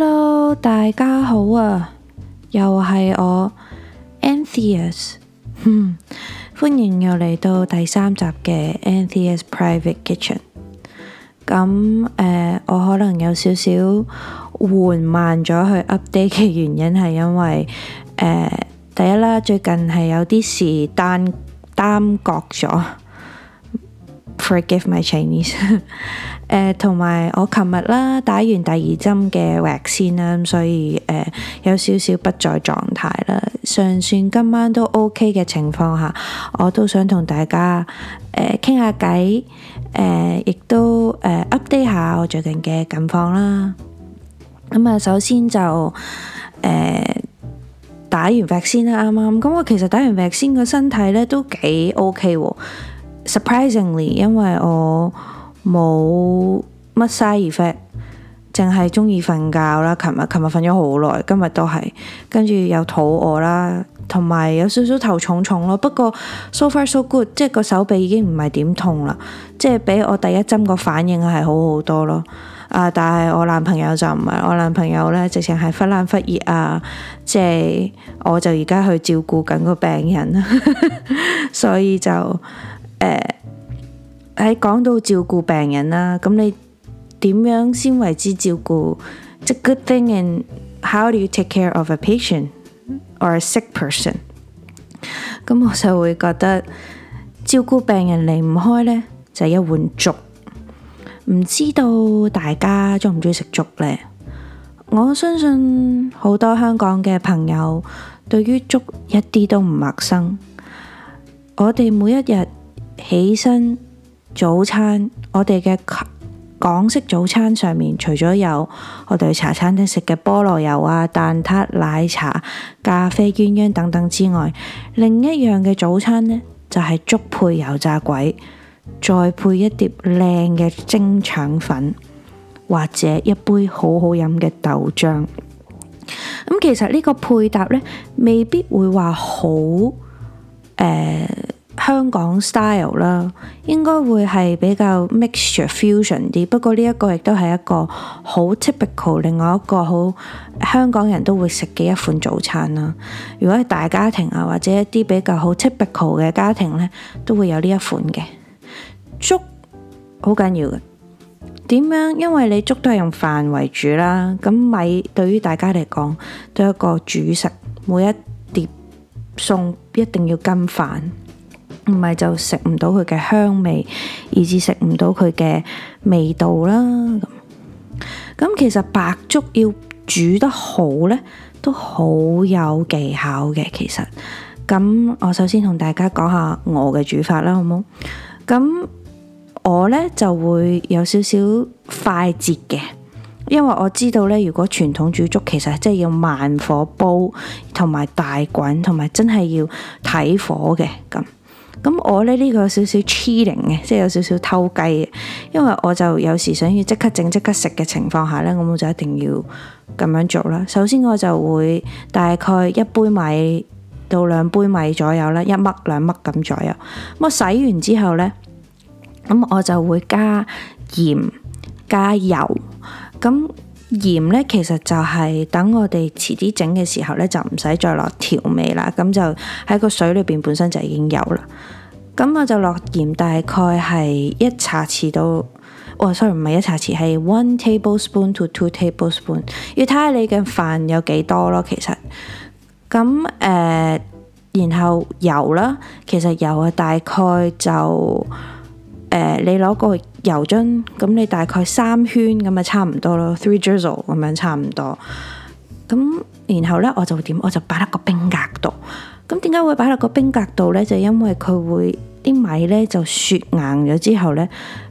Hello，大家好啊，又係我 Antheus， 歡迎又嚟到第三集嘅 Antheus Private Kitchen。咁、嗯、誒、呃，我可能有少少緩慢咗去 update 嘅原因係因為誒、呃，第一啦，最近係有啲事耽耽擱咗。Forgive my Chinese，誒同埋我琴日啦打完第二針嘅 vaccine 啦，所以誒有少少不在狀態啦，尚算今晚都 OK 嘅情況下，我都想同大家誒傾下偈，誒亦都誒 update 下我最近嘅近況啦。咁啊，首先就誒打完 vaccine 啦，啱啱。咁我其實打完 vaccine 個身體呢都幾 OK 喎。Surprisingly，因為我冇乜嘥 effect，淨係中意瞓覺啦。琴日琴日瞓咗好耐，今日都係跟住又肚餓啦，同埋有少少頭重重咯。不過 so far so good，即係個手臂已經唔係點痛啦，即係比我第一針個反應係好好多咯。啊，但係我男朋友就唔係，我男朋友咧直情係忽冷忽熱啊。即係我就而家去照顧緊個病人 所以就～誒，喺講、uh, 到照顧病人啦，咁你點樣先為之照顧？即係 good thing，in how do you take care of a patient or a sick person？咁我就會覺得照顧病人離唔開呢，就係、一碗粥。唔知道大家鍾唔鍾意食粥呢？我相信好多香港嘅朋友對於粥一啲都唔陌生。我哋每一日。起身早餐，我哋嘅港式早餐上面，除咗有我哋茶餐廳食嘅菠蘿油啊、蛋撻、奶茶、咖啡、鴛鴦等等之外，另一樣嘅早餐呢，就係粥配油炸鬼，再配一碟靚嘅蒸腸粉，或者一杯好好飲嘅豆漿。咁其實呢個配搭呢，未必會話好、呃香港 style 啦，應該會係比較 mixture fusion 啲。不過呢一個亦都係一個好 typical，另外一個好香港人都會食嘅一款早餐啦。如果係大家庭啊，或者一啲比較好 typical 嘅家庭呢，都會有呢一款嘅粥，好緊要嘅。點樣？因為你粥都係用飯為主啦，咁米對於大家嚟講都係一個主食，每一碟餸一定要跟飯。唔係就食唔到佢嘅香味，以至食唔到佢嘅味道啦。咁其實白粥要煮得好呢，都好有技巧嘅。其實咁，我首先同大家講下我嘅煮法啦，好冇？咁我呢，就會有少少快捷嘅，因為我知道呢，如果傳統煮粥，其實真係要慢火煲，同埋大滾，同埋真係要睇火嘅咁。咁我呢，呢、呢個少少 cheating 嘅，即係有少少偷雞嘅，因為我就有時想要即刻整即刻食嘅情況下呢，我我就一定要咁樣做啦。首先我就會大概一杯米到兩杯米左右啦，一粒兩粒咁左右。咁我洗完之後呢，咁我就會加鹽加油咁。鹽咧，其實就係等我哋遲啲整嘅時候咧，就唔使再落調味啦。咁就喺個水裏邊本身就已經有啦。咁我就落鹽，大概係一茶匙到，哦，sorry，唔係一茶匙，係 one tablespoon to two tablespoon。要睇下你嘅飯有幾多咯，其實。咁誒、呃，然後油啦，其實油啊，大概就。誒、呃，你攞個油樽咁，你大概三圈咁啊，差唔多咯。Three drizzle 咁樣差唔多咁，然後呢，我就點我就擺喺個冰格度。咁點解會擺喺個冰格度呢？就因為佢會啲米呢就雪硬咗之後呢，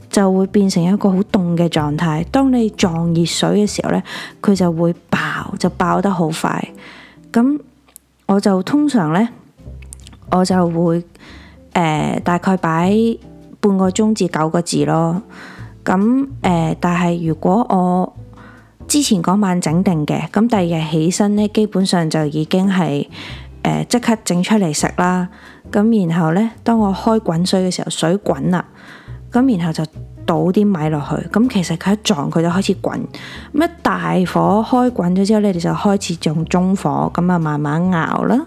就會變成一個好凍嘅狀態。當你撞熱水嘅時候呢，佢就會爆就爆得好快。咁我就通常呢，我就會誒、呃、大概擺。半個鐘至九個字咯，咁誒、呃，但係如果我之前嗰晚整定嘅，咁第二日起身呢，基本上就已經係呃、即刻整出嚟食啦。咁然後呢，當我開滾水嘅時候，水滾啦，咁然後就倒啲米落去，咁其實佢一撞佢就開始滾，一大火開滾咗之後呢，你就開始用中火咁啊，就慢慢熬啦。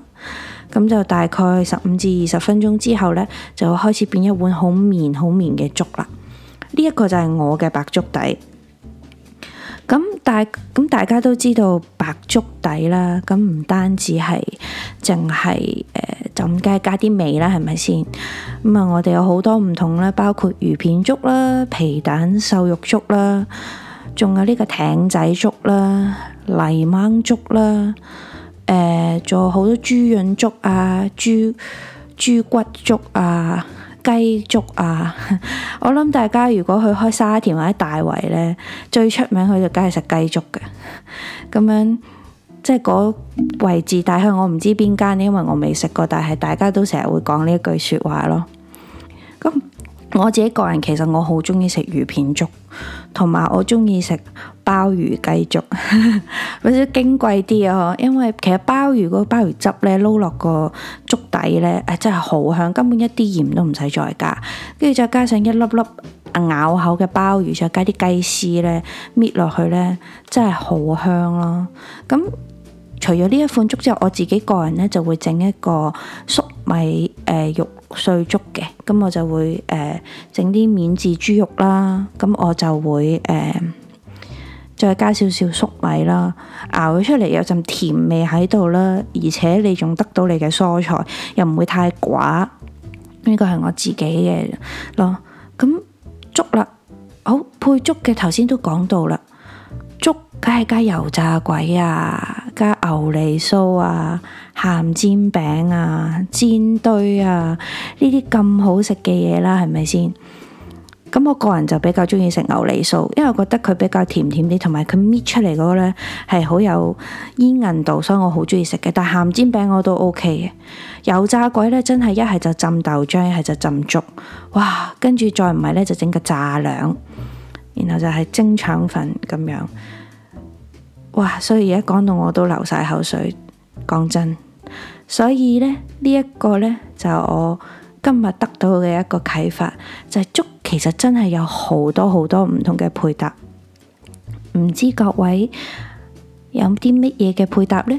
咁就大概十五至二十分鐘之後呢，就開始變一碗好綿好綿嘅粥啦。呢、這、一個就係我嘅白粥底。咁大咁大家都知道白粥底啦，咁唔單止係淨係誒就咁加啲味啦，係咪先？咁啊，我哋有好多唔同啦，包括魚片粥啦、皮蛋瘦肉粥啦，仲有呢個艇仔粥啦、泥鯭粥啦。誒，做好、嗯、多豬潤粥啊，豬豬骨粥啊，雞粥啊。 我諗大家如果去開沙田或者大圍咧，最出名佢就梗係食雞粥嘅。咁 樣即係嗰位置，但係我唔知邊間，因為我未食過。但係大家都成日會講呢一句說話咯。咁我自己個人其實我好中意食魚片粥。同埋我中意食鮑魚雞粥，嗰啲矜貴啲啊！因為其實鮑魚個鮑魚汁咧撈落個粥底咧，誒真係好香，根本一啲鹽都唔使再加，跟住再加上一粒粒咬口嘅鮑魚，再加啲雞絲咧搣落去咧，真係好香咯！咁除咗呢一款粥之後，我自己個人咧就會整一個粟米誒、呃、肉。碎粥嘅，咁我就會誒整啲免治豬肉啦，咁我就會誒、呃、再加少少粟米啦，熬咗出嚟有陣甜味喺度啦，而且你仲得到你嘅蔬菜，又唔會太寡，呢、呢個係我自己嘅咯。咁粥啦，好配粥嘅頭先都講到啦，粥梗係加油炸鬼啊！加牛脷酥啊、鹹煎餅啊、煎堆啊，呢啲咁好食嘅嘢啦，係咪先？咁我個人就比較中意食牛脷酥，因為我覺得佢比較甜甜啲，同埋佢搣出嚟嗰個呢係好有煙韌度，所以我好中意食嘅。但鹹煎餅我都 OK 嘅，油炸鬼呢真係一係就浸豆漿，一係就浸粥，哇！跟住再唔係呢，就整個炸兩，然後就係蒸腸粉咁樣。哇！所以而家講到我都流晒口水，講真。所以呢，呢一個呢，就我今日得到嘅一個啟發，就係粥，其實真係有好多好多唔同嘅配搭。唔知各位有啲乜嘢嘅配搭呢？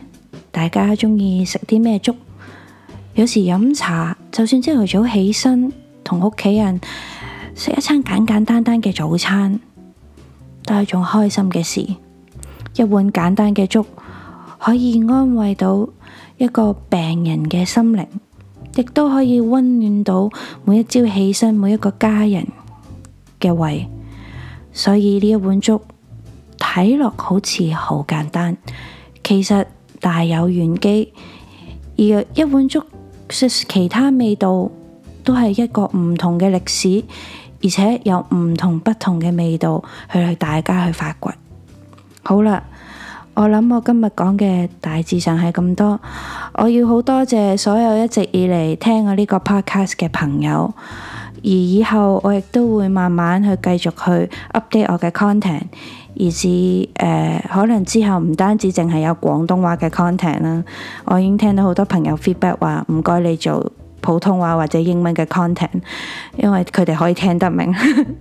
大家鍾意食啲咩粥？有時飲茶，就算朝頭早起身同屋企人食一餐簡簡單單嘅早餐，都係種開心嘅事。一碗簡單嘅粥，可以安慰到一個病人嘅心靈，亦都可以溫暖到每一朝起身每一個家人嘅胃。所以呢一碗粥睇落好似好簡單，其實大有玄機。而一碗粥食其他味道，都係一個唔同嘅歷史，而且有唔同不同嘅味道去去大家去發掘。好啦。我諗我今日講嘅大致上係咁多。我要好多謝所有一直以嚟聽我呢個 podcast 嘅朋友，而以後我亦都會慢慢去繼續去 update 我嘅 content，以至，呃，可能之後唔單止淨係有廣東話嘅 content 啦。我已經聽到好多朋友 feedback 話唔該你做普通話或者英文嘅 content，因為佢哋可以聽得明。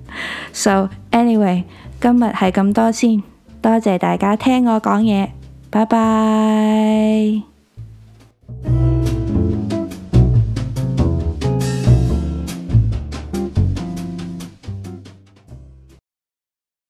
So anyway，今日係咁多先。多謝大家聽我講嘢，拜拜。